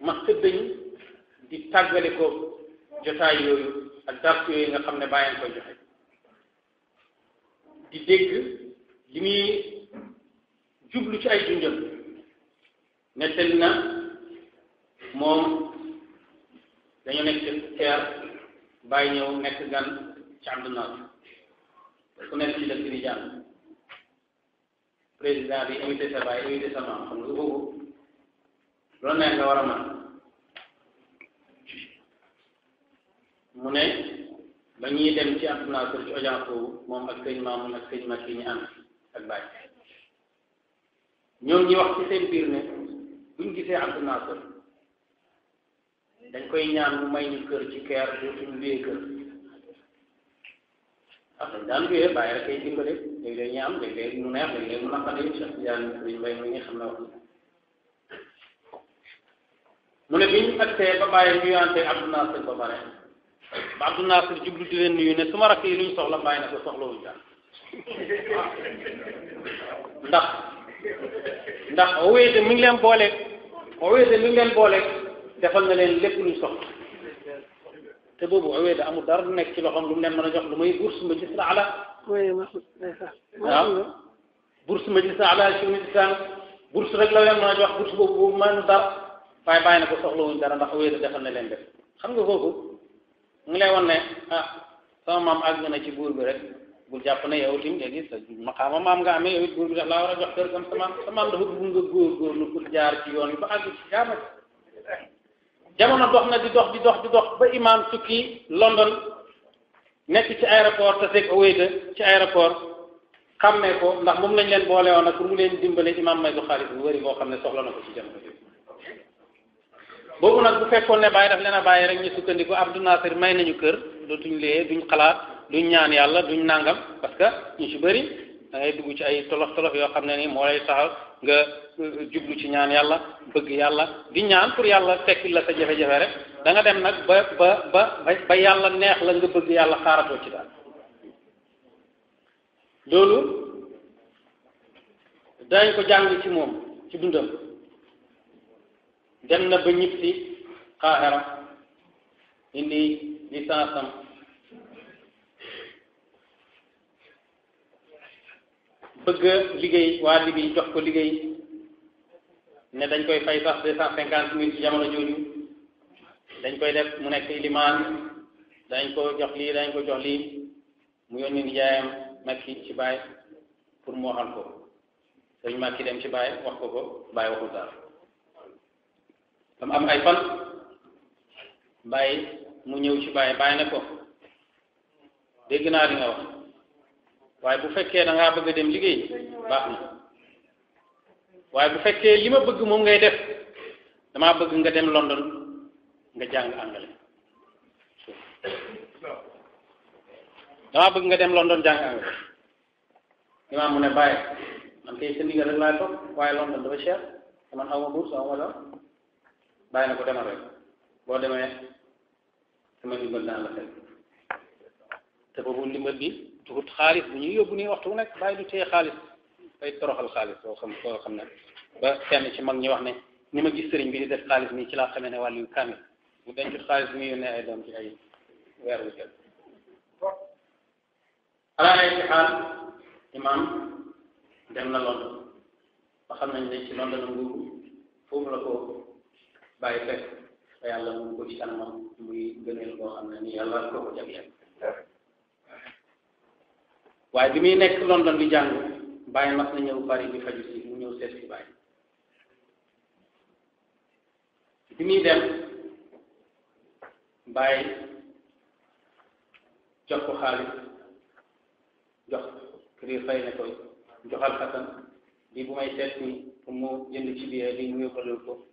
ma sëddañ di tàggali ko jotaay yooyu ak dàq yooyu nga xam ne bàyyeen koy joxe di dégg li muy jublu ci ay junjëm nettali na moom dañu nekk teer bàyyi ñëw nekk gan ci am dunaaw ku nekk ci dëkk di jàng président bi invité sa bàyyi invité sa maam xam nga boobu nga war a mën mu ne ba ñuy dem ci ko ci audience boobu moom ak sëñ maamun ak sëñ yi ñu am ak bàyyi ñoom ñi wax ci seen biir ne buñ gisee abdoulaye sër dañ koy ñaan mu may ñu kër ci keer ñu luyee kër ah dañ daan luyee bàyyi rek ay dimbale léeg-léeg ñu am léeg mu neex léeg lay mu naqari sax yaan ñu mbay mu ngi xam na wax mu ne biñ accès ba bàyyi ñu yante abdoulaye ba bare ba Abdou Nasir jublu di leen nuyu ne su ma rakk yi luñ soxla bàyyi na ko soxlawuñ daan ndax ndax owéete mi ngi leen booleeg owéete mi ngi leen booleeg defal na leen lépp luñ soxla te boobu owéete amul dara du nekk ci loxoom lu mu leen mën a jox lu may bourse majlis ala waaw ah. bourse majlis ala ci université bourse rek la leen mën a jox bourse boobu boobu mën dara waaye bàyyi na ko soxlawuñ dara ndax owéete defal na leen def xam nga kooku mu ngi lay won ne ah sama maam àgg na ci buur bi rek bul jàpp na yow tim léegi sa maqaama maam nga amee yow it buur bi daf laa war a jox kër comme sa maam sa maam dafa bëgg nga góorgóorlu pour jaar ci yoon yi ba àgg jamono dox na di dox di dox di dox ba imam tukki London nekk ci aéroport te seeg awéyta ci aéroport xàmmee ko ndax moom lañ leen boole woon nag pour mu leen dimbale imam may du xaalis bu wëri boo xam ne soxla na ko ci jamono boobu nag bu fekkoon ne bàyyi daf leen a bàyyi rek ñu sukkandiku Abdou Nasir may nañu kër dootuñ lee duñ xalaat duñ ñaan yàlla duñ nàngam parce que ñu ci bëri da ngay ci ay tolof tolof yoo xam ne ni moo lay taxaw nga euh, jublu ci ñaan yàlla bëgg yàlla di ñaan pour yàlla tekki la sa jafe-jafe rek da dem nag ba ba ba ba yàlla neex la nga bëgg yàlla xaaratoo ci daal loolu dañ ko jàng ci moom ci dundam dem na ba ñib si xaaxara indi licence am bëgg liggéey waa liggéey jox ko liggéey ne dañ koy fay sax deux cent cinquante mille ci jamono jooju dañ koy def mu nekk ilimaan dañ ko jox lii dañ ko jox lii mu yónni ni jaayam Makki ci Baay pour mu waxal ko sëñ Makki dem ci Baay wax ko ko Baay waxul dara dama am ay fan bàyyi mu ñëw ci bàyyi bàyyi ne ko dégg naa li nga wax waaye bu fekkee da ngaa bëgg a dem liggéey baax na waaye bu fekkee li ma bëgg moom ngay def damaa bëgg nga dem London nga jàng anglais damaa bëgg nga dem London jàng anglais imaam mu ne bàyyi man kay sa ndigal rek laay topp waaye London dafa cher te man aw ma bourse aw ma dara bàyyi na ko demal rek boo demee sama ndimbal daan la xel te boobu ndimbal bi dugut xaalis bu ñuy yóbbu nii waxtu bu nekk bàyyi du téye xaalis day toroxal xaalis boo xam boo xam ne ba kenn ci mag ñi wax ne ni ma gis sëriñ bi di def xaalis nii ci laa xamee ne wàllu yu kaamil mu dencut xaalis bi yónnee ay doom ci ay weer wu jël alaa ay ci xaal imam dem na lool ba xam nañ ne ci lool la nguuru foofu la ko bye, fekk te mu ko ci kanamam muy gëneel boo xam ni yàlla ko ko jagleel waaye bi muy nekk London di jàng di faju mu bi dem bàyyi jox ko xaalis jox kër fay ne ko joxal xasan lii bu may seet nii mu jënd ci biir ko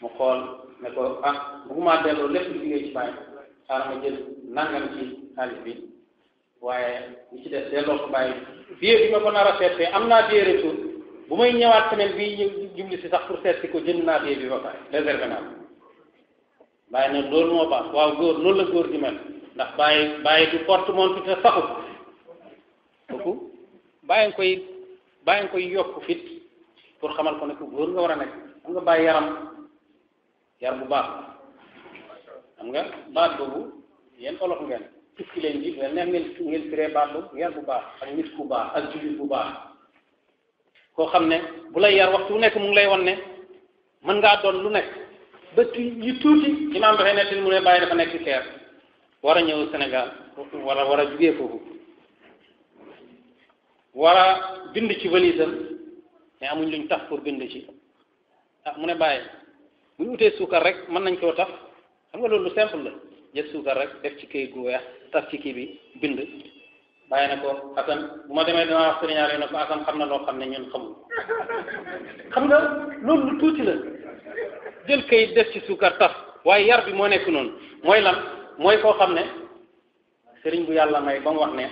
mu xool ne ko ah bëgguma delloo lépp lu jógee ci bàyyi xaaral ma jël nangam ci xaalis bi waaye li ci des delloo ko bàyyi biir bi ma ko nar a seet am naa biir retour bu may ñëwaat semaine bii jubli si sax pour seet si ko jënd naa biir bi ba pare réservé la góor di mel ndax bàyyi bàyyi du porte montre te saxu kooku bàyyi nga koy bàyyi nga koy yokk fit pour xamal ko ne góor nga war a nekk xam nga bàyyi yaram yar bu baax xam nga baat boobu yéen olof ngeen tukki leen ji mel ne ngeen ngeen firee baat boobu yar bu baax ak nit ku baax ak jullit bu baax koo xam ne bu lay yar waxtu bu nekk mu ngi lay wan ne mën ngaa doon lu nekk ba yu tuuti imaam dafay nekk mu ne bàyyi dafa nekk teer war a ñëw Sénégal wala war a jugee foofu war a bind ci valise am mais amuñ luñ tax pour bind ci ah mu ne bàyyi buñu ñu wutee suukar rek mën nañ koo taf xam nga loolu lu simple la jël suukar rek def ci këyit gu weex taf ci kii bi bind bàyyi na ko asan bu ma demee dama wax sëriñ Aliou ne ko asan xam na loo xam ne ñun xamul xam nga loolu lu tuuti la jël kay def ci suukar taf waaye yar bi moo nekk noonu mooy lan mooy koo xam ne sëriñ bu yàlla may ba mu wax ne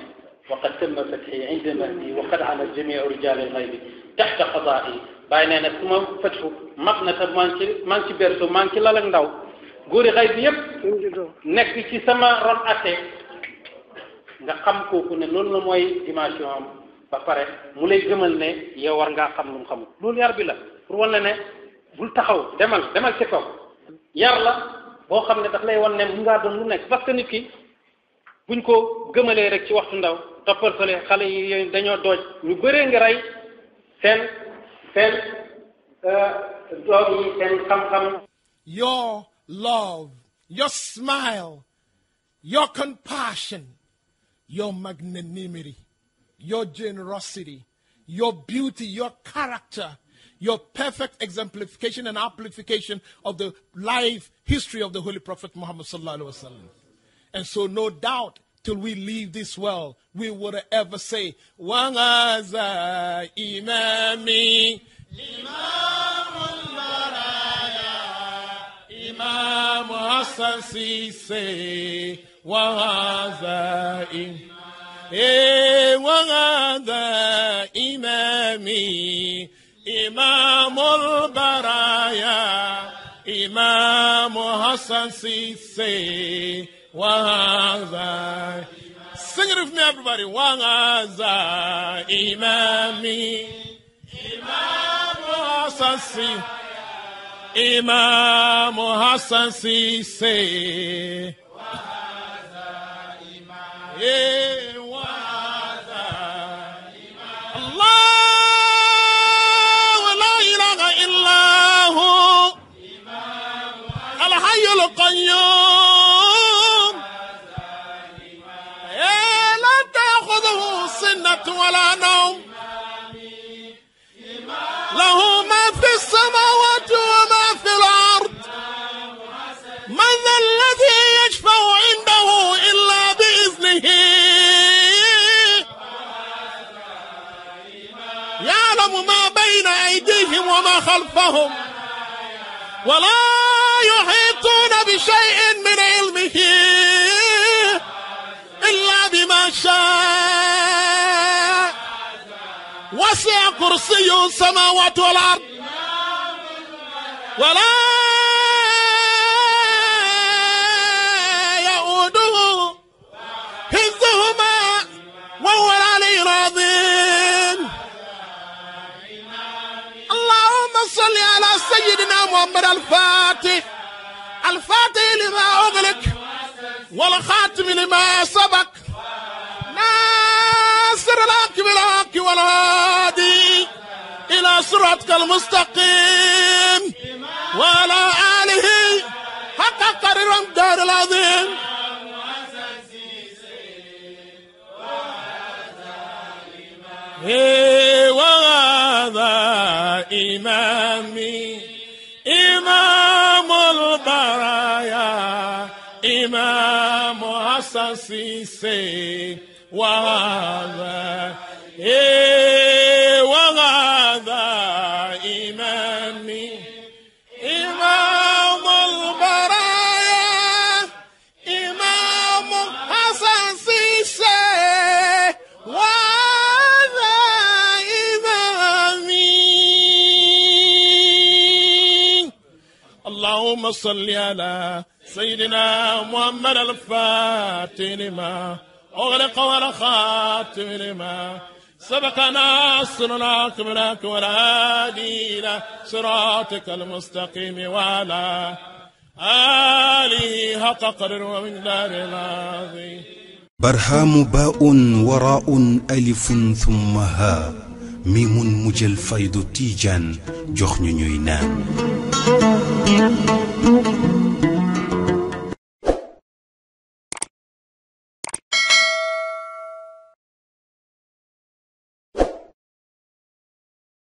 waqad tamma fathi inda mahdi wa qad ala jamiu rijali lxaybi taxta qadaa'i bàyyi nee na su ma fëtfu mag na te maa ngi ci maa ngi ci berso maa ci lal ndaw góori xay bi yépp nekk ci sama ron atte nga xam kooku ne loolu la mooy dimension am ba pare mu lay gëmal ne yow war ngaa xam lu mu xamul loolu yar bi la pour wan ne bul taxaw demal demal ci kaw yar la boo xam ne daf lay wan ne mu ngaa doon lu nekk parce que nit ki buñ ko gëmalee rek ci waxtu ndaw toppal sale xale yi dañoo dooj ñu bëree ngi rey seen Uh, your love, your smile, your compassion, your magnanimity, your generosity, your beauty, your character, your perfect exemplification and amplification of the life history of the Holy Prophet Muhammad. And so, no doubt, till we leave this world, we would ever say, Wangaza Imami. Imamul Maraya, Imam Hassan Sise, Wangaza Imami. Hey, eh, Wangaza Imami. إمام baraya, إمام Hassan Sisi." Waza. Sing it with me, everybody. Waza imami. Imamu Hassan Imamu Hassan say. Waza imami. Yeah. ولا نوم له ما في السماوات وما في الأرض من ذا الذي يشفع عنده إلا بإذنه يعلم ما بين أيديهم وما خلفهم ولا يحيطون بشيء من علمه إلا بما شاء وسع كرسي السماوات والأرض ولا يؤده حفظهما وهو العلي العظيم اللهم صل على سيدنا محمد الفاتح الفاتح لما أغلق والخاتم لما سبق بالحق والهادي إلى صراطك المستقيم وعلى آله حق قرر الدار العظيم إيه، وهذا إمامي إمام البرايا إمام حسن سيسي وهذا إيه، وغدا إمام البرايا إمام اللهم صل على سيدنا محمد الفاتن ما أغلق ولا خاتم لما سبق نصرنا قبلك ولا إلى صراطك المستقيم وعلى آله حق قرر ومن دار ماضي برهام باء وراء ألف ثم ها ميم مجل فيض تيجان جخن نام